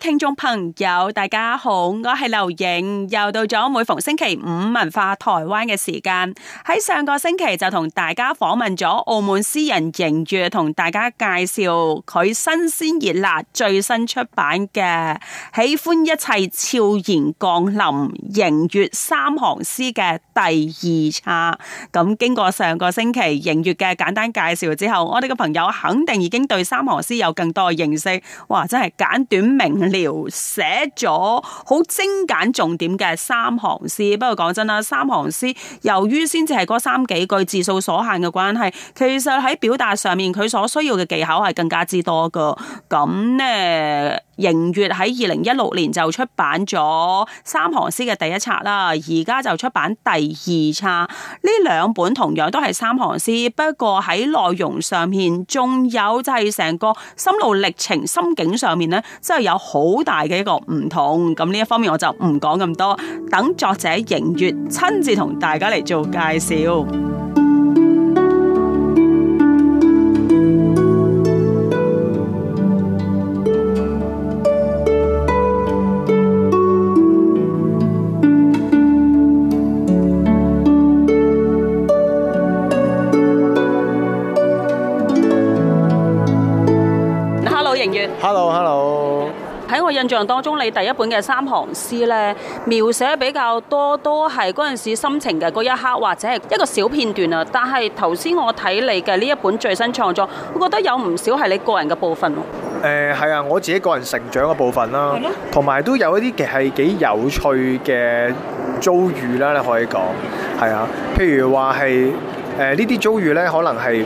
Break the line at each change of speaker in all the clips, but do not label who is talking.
聽眾朋友，大家好，我係劉影，又到咗每逢星期五文化台灣嘅時間。喺上個星期就同大家訪問咗澳門詩人邢悅，同大家介紹佢新鮮熱辣最新出版嘅《喜歡一切悄然降臨》邢悅三行詩嘅第二冊。咁經過上個星期邢悅嘅簡單介紹之後，我哋嘅朋友肯定已經對三行詩有更多嘅認識。哇，真係簡短明。描寫咗好精簡重點嘅三行詩，不過講真啦，三行詩由於先至係嗰三幾句字數所限嘅關係，其實喺表達上面，佢所需要嘅技巧係更加之多噶，咁呢。邢悅喺二零一六年就出版咗三行詩嘅第一冊啦，而家就出版第二冊。呢兩本同樣都係三行詩，不過喺內容上面，仲有就係成個心路歷程、心境上面呢，真係有好大嘅一個唔同。咁呢一方面我就唔講咁多，等作者邢悅親自同大家嚟做介紹。我印象當中，你第一本嘅三行詩咧，描寫比較多都係嗰陣時心情嘅嗰一刻，或者係一個小片段啊。但係頭先我睇你嘅呢一本最新創作，我覺得有唔少係你個人嘅部分。
誒，係啊，我自己個人成長嘅部分啦，同埋都有一啲嘅係幾有趣嘅遭遇啦，你可以講。係啊，譬如話係誒呢啲遭遇咧，可能係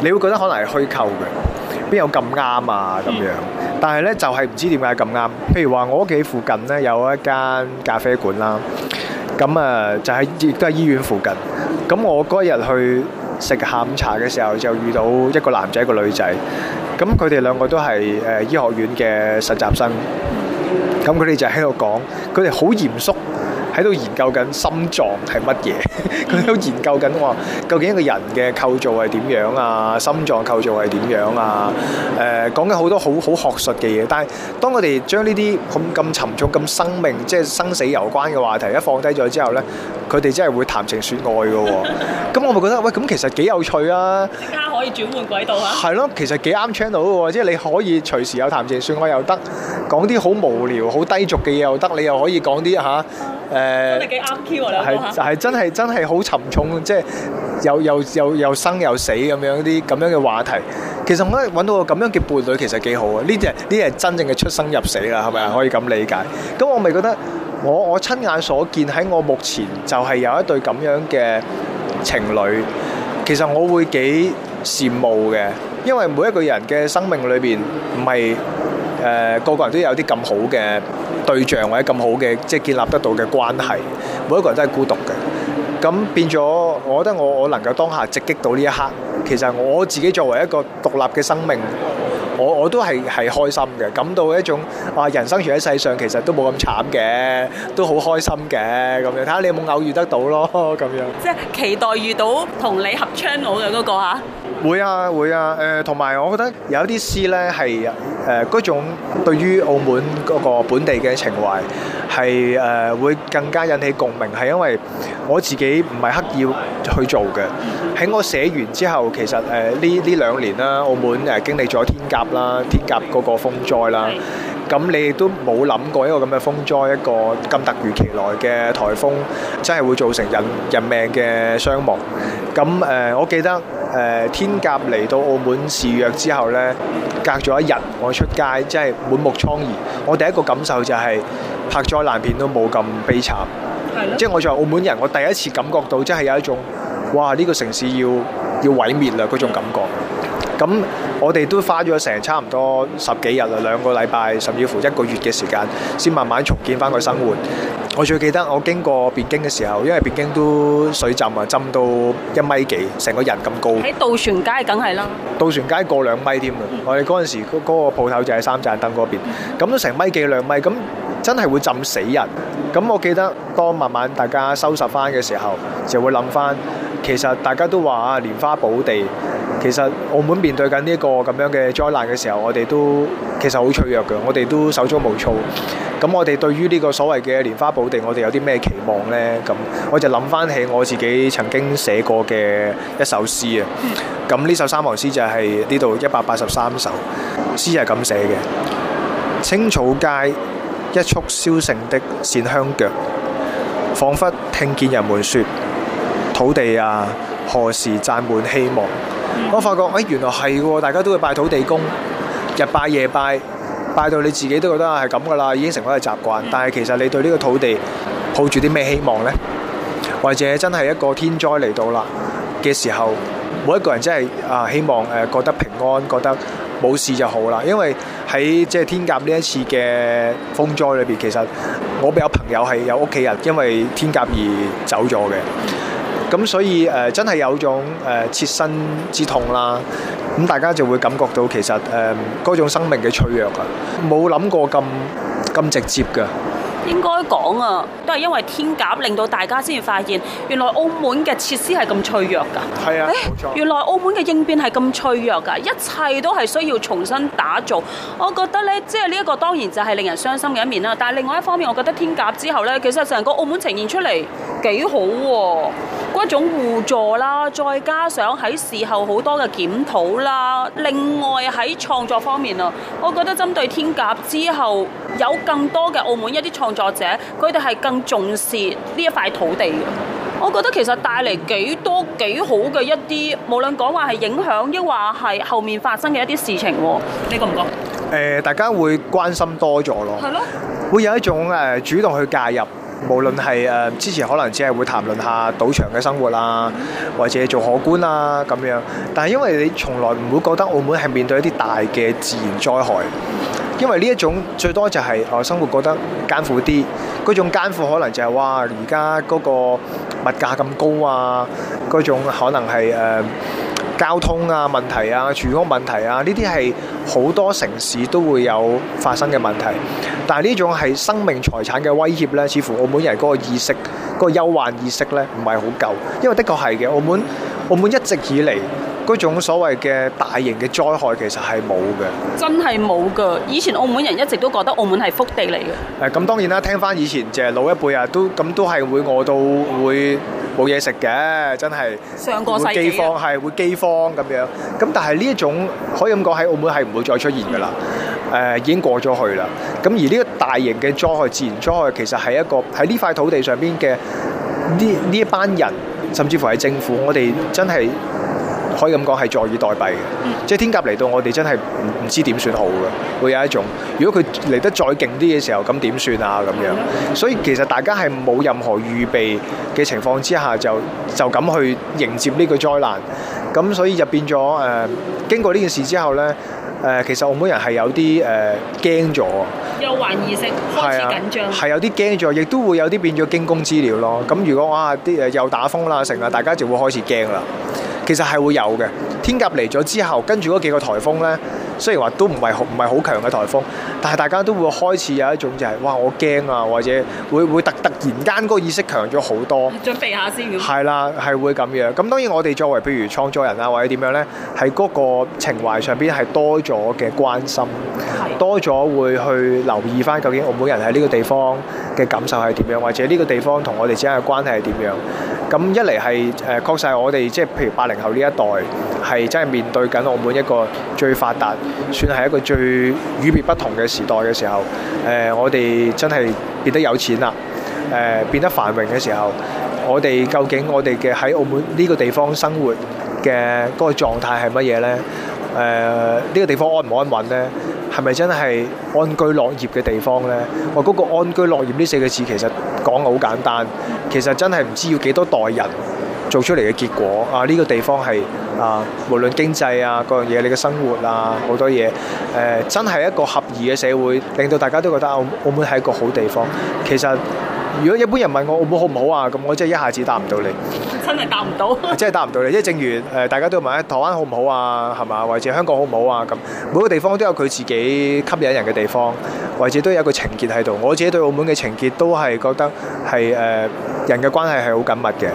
你會覺得可能係虛構嘅，邊有咁啱啊咁樣。但係咧，就係唔知點解咁啱。譬如話，我屋企附近咧，有一間咖啡館啦，咁啊就係亦都係醫院附近。咁我嗰日去食下午茶嘅時候，就遇到一個男仔一個女仔。咁佢哋兩個都係誒醫學院嘅實習生。咁佢哋就喺度講，佢哋好嚴肅。喺度研究緊心臟係乜嘢？佢都研究緊究竟一個人嘅構造係點樣啊？心臟構造係點樣啊？誒、呃，講緊好多好好學術嘅嘢。但係當我哋將呢啲咁咁沉重、咁生命，即係生死攸關嘅話題，一放低咗之後咧，佢哋真係會談情説愛嘅喎、啊。咁我咪覺得，喂，咁其實幾有趣啊！可以轉換軌道啊？係咯，其實幾啱 channel 即係你可以隨時有談情説愛又得，講啲好無聊、好低俗嘅嘢又得，你又可以講啲嚇誒。真
係幾啱 Q 喎！你係
真係真係好沉重，即係又又又又生又死咁樣啲咁樣嘅話題。其實我覺得揾到個咁樣嘅伴侶其實幾好啊！呢啲係呢啲係真正嘅出生入死啦，係咪啊？可以咁理解。咁我咪覺得我我親眼所見喺我目前就係有一對咁樣嘅情侶。其實我會幾。羨慕嘅，因為每一個人嘅生命裏邊唔係誒個個人都有啲咁好嘅對象或者咁好嘅，即係建立得到嘅關係，每一個人都係孤獨嘅，咁變咗，我覺得我我能夠當下直擊到呢一刻，其實我自己作為一個獨立嘅生命。我我都係係開心嘅，感到一種話人生存喺世上其實都冇咁慘嘅，都好開心嘅咁樣。睇下你有冇偶遇得到咯，咁樣。
即係期待遇到同你合唱舞嘅嗰個嚇、啊。
會啊會啊，誒同埋我覺得有啲詩呢，係誒嗰種對於澳門嗰個本地嘅情懷。係誒會更加引起共鳴，係因為我自己唔係刻意去做嘅。喺我寫完之後，其實誒呢呢兩年啦，澳門誒經歷咗天鴿啦，天鴿嗰個風災啦，咁你亦都冇諗過一個咁嘅風災，一個咁突如其來嘅颱風，真係會造成人人命嘅傷亡。咁誒，我記得誒天鴿嚟到澳門示弱之後咧，隔咗一日我出街，真係滿目瘡痍。我第一個感受就係，拍災難片都冇咁悲慘，即係我作為澳門人，我第一次感覺到即係有一種哇呢個城市要要毀滅啦嗰種感覺。咁我哋都花咗成差唔多十幾日啊，兩個禮拜甚至乎一個月嘅時間，先慢慢重建翻個生活。我最記得我經過邊境嘅時候，因為邊境都水浸啊，浸到一米幾，成個人咁高。喺
渡船街梗係啦，
渡船街過兩米添啊！我哋嗰陣時嗰嗰個鋪頭就喺三盞燈嗰邊，咁都成米幾兩米咁。真係會浸死人。咁我記得，當慢慢大家收拾翻嘅時候，就會諗翻。其實大家都話啊，蓮花寶地。其實澳門面對緊呢個咁樣嘅災難嘅時候，我哋都其實好脆弱嘅。我哋都手足無措。咁我哋對於呢個所謂嘅蓮花寶地，我哋有啲咩期望呢？咁我就諗翻起我自己曾經寫過嘅一首詩啊。咁呢首三行詩就係呢度一百八十三首詩，係咁寫嘅。青草街。一束燒成的線香腳，仿佛聽見人們說：土地啊，何時讚滿希望？我發覺，哎，原來係嘅，大家都會拜土地公，日拜夜拜，拜到你自己都覺得係咁噶啦，已經成為一個習慣。但係其實你對呢個土地抱住啲咩希望呢？或者真係一個天災嚟到啦嘅時候，每一個人真係啊，希望誒，覺得平安，覺得冇事就好啦，因為。喺即係天鴿呢一次嘅風災裏邊，其實我有朋友係有屋企人因為天鴿而走咗嘅，咁所以誒真係有種誒切身之痛啦。咁大家就會感覺到其實誒嗰種生命嘅脆弱啊，冇諗過咁咁直接㗎。
應該講啊，都係因為天鴿令到大家先發現，原來澳門嘅設施係咁脆弱㗎。係啊，
欸、錯原
來澳門嘅應變係咁脆弱㗎，一切都係需要重新打造。我覺得呢，即係呢一個當然就係令人傷心嘅一面啦。但係另外一方面，我覺得天鴿之後呢，其實成個澳門呈現出嚟幾好喎、啊。嗰種互助啦，再加上喺事後好多嘅檢討啦。另外喺創作方面啊，我覺得針對天鴿之後，有更多嘅澳門一啲創作者，佢哋係更重視呢一塊土地嘅。我覺得其實帶嚟幾多幾好嘅一啲，無論講話係影響，抑或係後面發生嘅一啲事情喎。你覺
唔覺？誒、呃，大家會關心多咗咯，係咯的，會有一種誒主動去介入。無論係誒、呃、之前可能只係會談論下賭場嘅生活啊，或者做荷官啊咁樣，但係因為你從來唔會覺得澳門係面對一啲大嘅自然災害，因為呢一種最多就係誒生活覺得艱苦啲，嗰種艱苦可能就係、是、哇而家嗰個物價咁高啊，嗰種可能係誒。呃交通啊，問題啊，住屋問題啊，呢啲係好多城市都會有發生嘅問題，但係呢種係生命財產嘅威脅咧，似乎澳門人嗰個意識，個憂患意識咧，唔係好夠，因為的確係嘅，澳門澳門一直以嚟嗰種所謂嘅大型嘅災害其實，係冇嘅，
真係冇㗎。以前澳門人一直都覺得澳門係福地嚟嘅。
誒、嗯，咁當然啦，聽翻以前就係老一輩啊，都咁都係會餓到會。冇嘢食嘅，真係會饑荒，係會饑荒咁樣。咁但係呢一種可以咁講喺澳門係唔會再出現㗎啦。誒、呃、已經過咗去啦。咁而呢個大型嘅災害、自然災害其實係一個喺呢塊土地上邊嘅呢呢一班人，甚至乎係政府，我哋真係。可以咁講係坐以待斃嘅，即係天鴿嚟到，我哋真係唔唔知點算好嘅。會有一種，如果佢嚟得再勁啲嘅時候，咁點算啊？咁樣，所以其實大家係冇任何預備嘅情況之下，就就咁去迎接呢個災難。咁所以就變咗誒，經過呢件事之後咧，誒其實澳門人係有啲誒驚咗，憂患意
識開始緊張，係
有啲驚咗，亦都會有啲變咗驚弓之鳥咯。咁如果哇啲誒又打風啦成日，大家就會開始驚啦。其實係會有嘅，天鴿嚟咗之後，跟住嗰幾個颱風呢，雖然話都唔係唔係好強嘅颱風，但係大家都會開始有一種就係，哇，我驚啊，或者會會突突然間嗰個意識強咗好多，準備下先。係啦，係會咁樣。咁當然我哋作為譬如創作人啊，或者點樣呢，喺嗰個情懷上邊係多咗嘅關心，的多咗會去留意返究竟澳門人喺呢個地方嘅感受係點樣，或者呢個地方同我哋之間嘅關係係點樣。咁一嚟係誒，確實係我哋，即係譬如八零後呢一代，係真係面對緊澳門一個最發達，算係一個最與別不同嘅時代嘅時候。誒，我哋真係變得有錢啦，誒，變得繁榮嘅時候，我哋究竟我哋嘅喺澳門呢個地方生活嘅嗰個狀態係乜嘢呢？誒，呢個地方安唔安穩呢？係咪真係安居樂業嘅地方呢？我嗰個安居樂業呢四個字其實講好簡單。其實真係唔知要幾多代人做出嚟嘅結果啊！呢個地方係啊，無論經濟啊，各樣嘢，你嘅生活啊，好多嘢，誒，真係一個合宜嘅社會，令到大家都覺得澳澳門係一個好地方。其實，如果一般人問我澳門好唔好啊，咁我真係一下子答唔到你，
真係答唔到，
真係答唔到你。即係正如誒，大家都問台灣好唔好啊，係嘛，或者香港好唔好啊，咁每個地方都有佢自己吸引人嘅地方，或者都有一個情結喺度。我自己對澳門嘅情結都係覺得係誒。人嘅關係係好緊密嘅，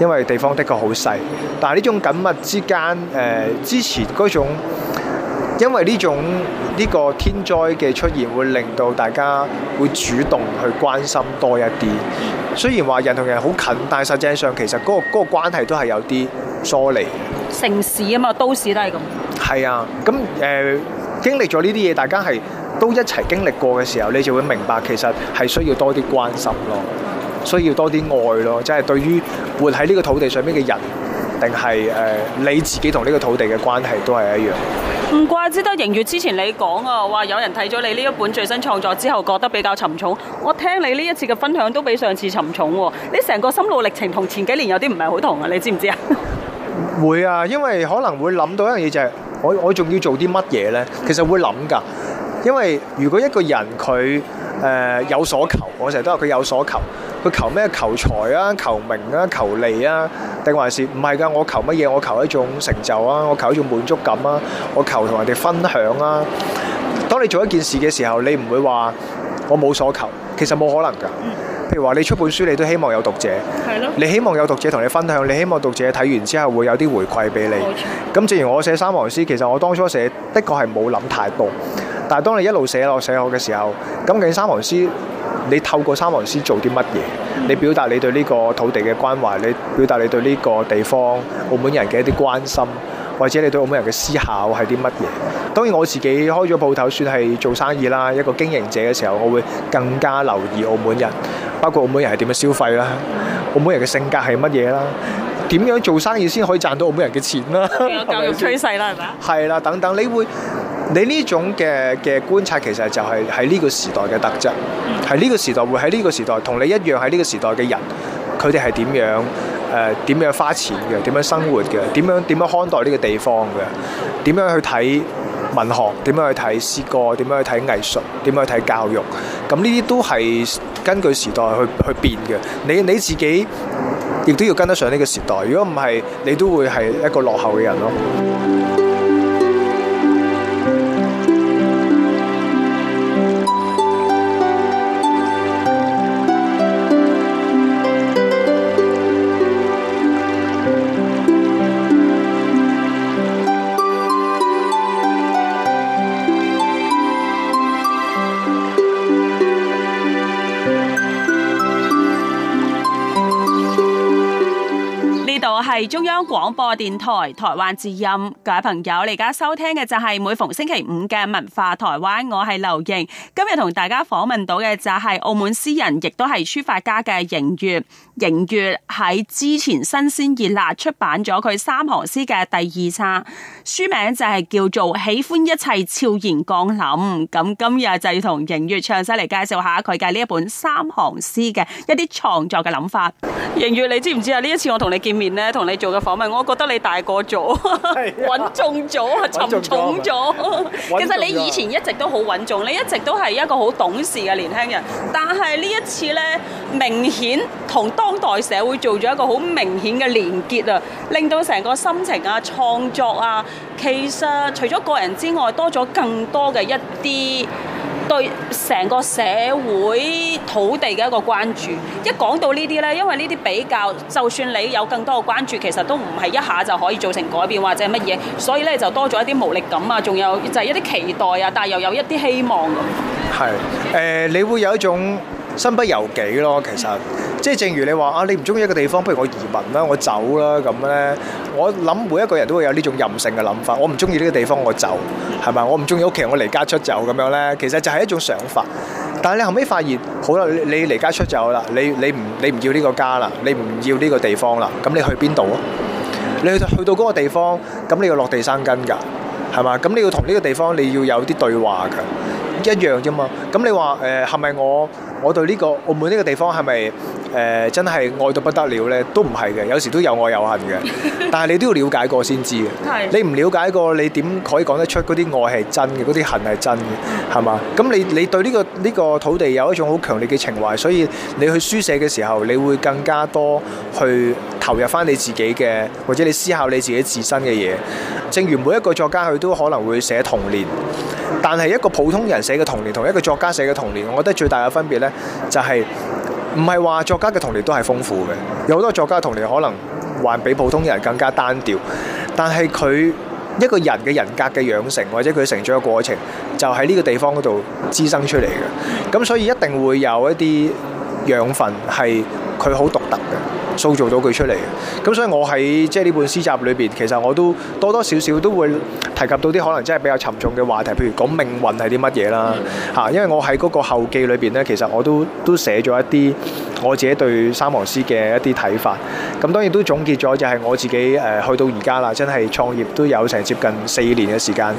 因為地方的確好細。但係呢種緊密之間，誒、呃、之前嗰種，因為呢種呢個天災嘅出現，會令到大家會主動去關心多一啲。雖然話人同人好近，但實際上其實嗰個嗰個關係都係有啲疏離。
城市啊嘛，都市都係
咁。係啊，咁誒、呃、經歷咗呢啲嘢，大家係都一齊經歷過嘅時候，你就會明白其實係需要多啲關心咯。所以要多啲愛咯，即係對於活喺呢個土地上面嘅人，定係誒你自己同呢個土地嘅關係都係一樣。
唔怪之得邢悅之前你講啊，話有人睇咗你呢一本最新創作之後覺得比較沉重。我聽你呢一次嘅分享都比上次沉重喎。你成個心路歷程同前幾年有啲唔係好同啊，你知唔知啊？
會啊，因為可能會諗到一樣嘢就係，我我仲要做啲乜嘢呢？其實會諗噶，因為如果一個人佢。誒、呃、有所求，我成日都話佢有所求。佢求咩？求財啊，求名啊，求利啊，定還是唔係㗎？我求乜嘢？我求一種成就啊，我求一種滿足感啊，我求同人哋分享啊。當你做一件事嘅時候，你唔會話我冇所求，其實冇可能㗎。譬如話你出本書，你都希望有讀者，你希望有讀者同你分享，你希望讀者睇完之後會有啲回饋俾你。咁正如我寫三行詩，其實我當初寫的確係冇諗太多。但係當你一路寫落寫落嘅時候，噉究竟三行詩你透過三行詩做啲乜嘢？你表達你對呢個土地嘅關懷，你表達你對呢個地方澳門人嘅一啲關心，或者你對澳門人嘅思考係啲乜嘢？當然我自己開咗鋪頭，算係做生意啦，一個經營者嘅時候，我會更加留意澳門人，包括澳門人係點樣消費啦，澳門人嘅性格係乜嘢啦，點樣做生意先可以賺到澳門人嘅錢啦？有教育趨勢啦，係咪 啊？係啦，等等，你會。你呢種嘅嘅觀察其實就係喺呢個時代嘅特質，喺呢個時代會喺呢個時代同你一樣喺呢個時代嘅人，佢哋係點樣，誒，呃，點樣花錢嘅，點樣生活嘅，點樣點樣看待呢個地方嘅，點樣去睇文學，點樣去睇詩歌，點樣去睇藝術，點樣去睇教育，咁呢啲都係根據時代去去變嘅。你你自己亦都要跟得上呢個時代，如果唔係，你都會係一個落後嘅人咯。
中央廣播電台台灣之音。各位朋友，你而家收聽嘅就係每逢星期五嘅文化台灣，我係劉瑩，今日同大家訪問到嘅就係澳門詩人，亦都係書法家嘅邢悅。邢悅喺之前新鮮熱辣出版咗佢三行詩嘅第二冊，書名就係叫做《喜歡一切悄然降臨》，咁今日就要同邢悅詳細嚟介紹下佢嘅呢一本三行詩嘅一啲創作嘅諗法。邢悅，你知唔知啊？呢一次我同你見面咧，同你。做嘅訪問，我覺得你大個咗， 穩重咗，沉重咗。 其實你以前一直都好穩重，你一直都係一個好懂事嘅年輕人。但係呢一次呢，明顯同當代社會做咗一個好明顯嘅連結啊，令到成個心情啊、創作啊，其實除咗個人之外，多咗更多嘅一啲對成個社會土地嘅一個關注，一講到呢啲呢，因為呢啲比較，就算你有更多嘅關注，其實都唔係一下就可以造成改變或者乜嘢，所以呢，就多咗一啲無力感啊，仲有就係一啲期待啊，但係又有一啲希望咁。
係，呃，你會有一種。身不由己咯，其實即係正如你話啊，你唔中意一個地方，不如我移民啦，我走啦咁咧。我諗每一個人都會有呢種任性嘅諗法。我唔中意呢個地方，我走，係咪？我唔中意屋企人，我離家出走咁樣咧。其實就係一種想法。但係你後尾發現，好啦，你離家出走啦，你你唔你唔要呢個家啦，你唔要呢個地方啦。咁你去邊度啊？你去到去到嗰個地方，咁你要落地生根㗎，係嘛？咁你要同呢個地方你要有啲對話㗎，一樣啫嘛。咁你話誒係咪我？我對呢個澳門呢個地方係咪？誒、呃、真係愛到不得了呢，都唔係嘅，有時都有愛有恨嘅。但係你都要了解過先知嘅。 你唔了解過，你點可以講得出嗰啲愛係真嘅，嗰啲恨係真嘅？係嘛？咁你你對呢個呢個土地有一種好強烈嘅情懷，所以你去書寫嘅時候，你會更加多去投入翻你自己嘅，或者你思考你自己自身嘅嘢。正如每一個作家佢都可能會寫童年，但係一個普通人寫嘅童年，同一個作家寫嘅童年，我覺得最大嘅分別呢，就係、係。唔係話作家嘅童年都係豐富嘅，有好多作家童年可能還比普通人更加單調，但係佢一個人嘅人格嘅養成，或者佢成長嘅過程，就喺呢個地方度滋生出嚟嘅。咁所以一定會有一啲養分係佢好獨特。塑造到佢出嚟。咁所以我喺即係呢本詩集裏邊，其實我都多多少少都會提及到啲可能真係比較沉重嘅話題，譬如講命運係啲乜嘢啦吓，嗯、因為我喺嗰個後記裏邊咧，其實我都都寫咗一啲我自己對三行詩嘅一啲睇法。咁當然都總結咗，就係我自己誒去、呃、到而家啦，真係創業都有成接近四年嘅時間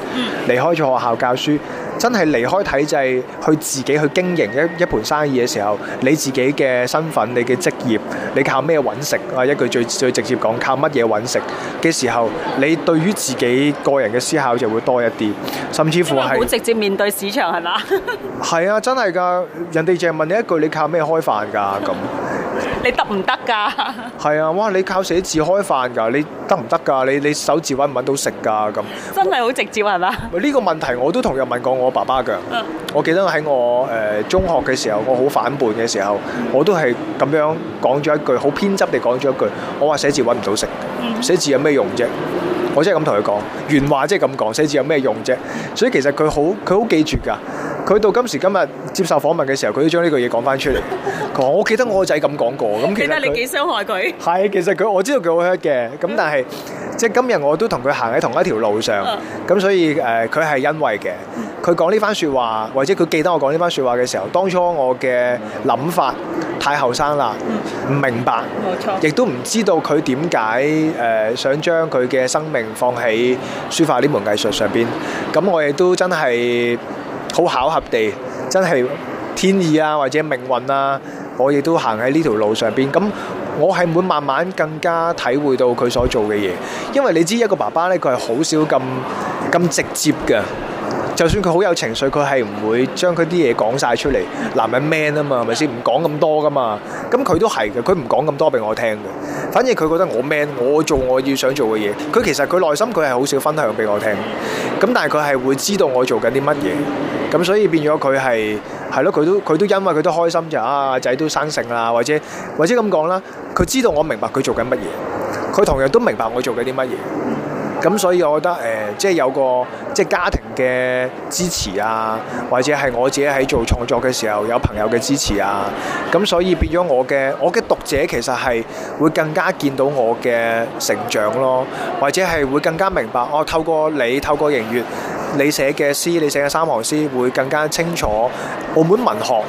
離開咗學校教書。真係離開體制去自己去經營一、一、一盤生意嘅時候，你自己嘅身份、你嘅職業，你靠咩揾食啊？一句最最直接講，靠乜嘢揾食嘅時候，你對於自己個人嘅思考就會多一啲，甚至乎係，好
直接面對市場係嘛？
係 啊，真係㗎，人哋淨係問你一句，你靠咩開飯㗎咁。
你得唔得噶？
係啊，哇！你靠寫字開飯噶，你得唔得噶？你你手字揾唔揾到食噶咁？
真係好直接係
咪？呢個問題，我都同樣問過我爸爸㗎。啊、我記得喺我誒、呃、中學嘅時候，我好反叛嘅時候，嗯、我都係咁樣講咗一句，好偏執地講咗一句，我話寫字揾唔到食，嗯、寫字有咩用啫？我真係咁同佢講，原話即係咁講，寫字有咩用啫？所以其實佢好，佢好記住噶。佢到今時今日接受訪問嘅時候，佢都將呢句嘢講翻出嚟。佢話 我記得我個仔咁講過。咁其實記得你幾傷害佢？係，其實佢我知道佢好 hurt 嘅。咁但係、嗯、即係今日我都同佢行喺同一條路上。咁所以誒，佢係欣慰嘅。佢講呢番説話，或者佢記得我講呢番説話嘅時候，當初我嘅諗法太後生啦，唔明白，亦都唔知道佢點解誒想將佢嘅生命放喺書法呢門藝術上邊。咁、嗯、我亦都真係好巧合地，真係天意啊，或者命運啊，我亦都行喺呢條路上邊。咁、嗯、我係會慢慢更加體會到佢所做嘅嘢，因為你知一個爸爸呢，佢係好少咁咁直接嘅。就算佢好有情緒，佢係唔會將佢啲嘢講晒出嚟。男人 man 啊嘛，係咪先？唔講咁多㗎嘛。咁佢都係嘅，佢唔講咁多俾我聽嘅。反正佢覺得我 man，我做我要想做嘅嘢。佢其實佢內心佢係好少分享俾我聽。咁但係佢係會知道我做緊啲乜嘢。咁所以變咗佢係係咯，佢都佢都因為佢都開心就啊，仔都生性啦，或者或者咁講啦。佢知道我明白佢做緊乜嘢，佢同樣都明白我做緊啲乜嘢。咁所以，我覺得誒、呃，即係有個即係家庭嘅支持啊，或者係我自己喺做創作嘅時候有朋友嘅支持啊。咁所以變咗我嘅，我嘅讀者其實係會更加見到我嘅成長咯，或者係會更加明白我、哦、透過你，透過邢悅，你寫嘅詩，你寫嘅三行詩，會更加清楚澳門文學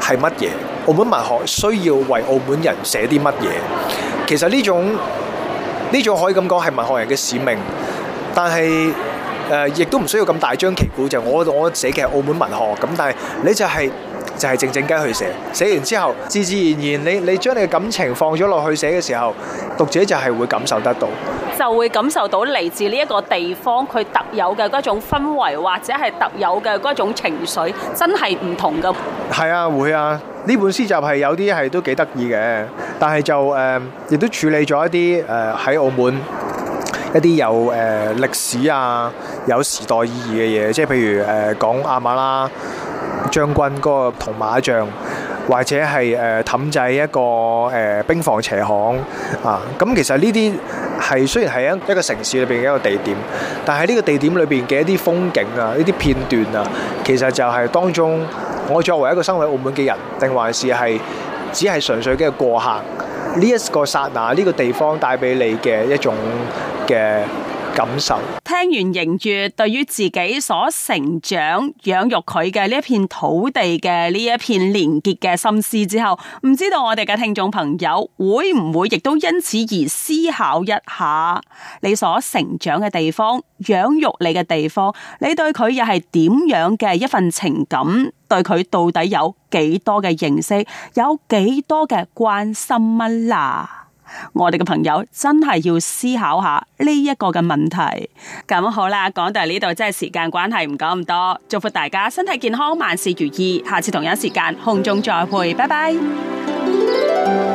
係乜嘢，澳門文學需要為澳門人寫啲乜嘢。其實呢種。呢種可以咁講係文學人嘅使命，但係誒亦都唔需要咁大張旗鼓。就我我寫嘅係澳門文學咁，但係你就係就係靜靜雞去寫，寫完之後自自然然你你將你嘅感情放咗落去寫嘅時候，讀者就係會感受得到，
就會感受到嚟自呢一個地方佢特有嘅嗰種氛圍，或者係特有嘅嗰種情緒，真係唔同㗎。
係啊，會啊。呢本書就係有啲係都幾得意嘅，但係就誒亦都處理咗一啲誒喺澳門一啲有誒歷史啊、有時代意義嘅嘢，即係譬如誒講阿馬拉將軍嗰個銅馬像，或者係誒氹仔一個誒兵房斜巷啊。咁其實呢啲係雖然係一一個城市裏邊嘅一個地點，但係呢個地點裏邊嘅一啲風景啊、呢啲片段啊，其實就係當中。我作為一個生活喺澳門嘅人，定還是係只係純粹嘅過客？呢一個剎那，呢個地方帶俾你嘅一種嘅感受。
聽完邢悅對於自己所成長、養育佢嘅呢一片土地嘅呢一片連結嘅心思之後，唔知道我哋嘅聽眾朋友會唔會亦都因此而思考一下你所成長嘅地方、養育你嘅地方，你對佢又係點樣嘅一份情感？對佢到底有幾多嘅認識，有幾多嘅關心乜、啊、啦？我哋嘅朋友真係要思考下呢一個嘅問題。咁好啦，講到呢度，真係時間關係，唔講咁多。祝福大家身體健康，萬事如意。下次同一時間空中再會，拜拜。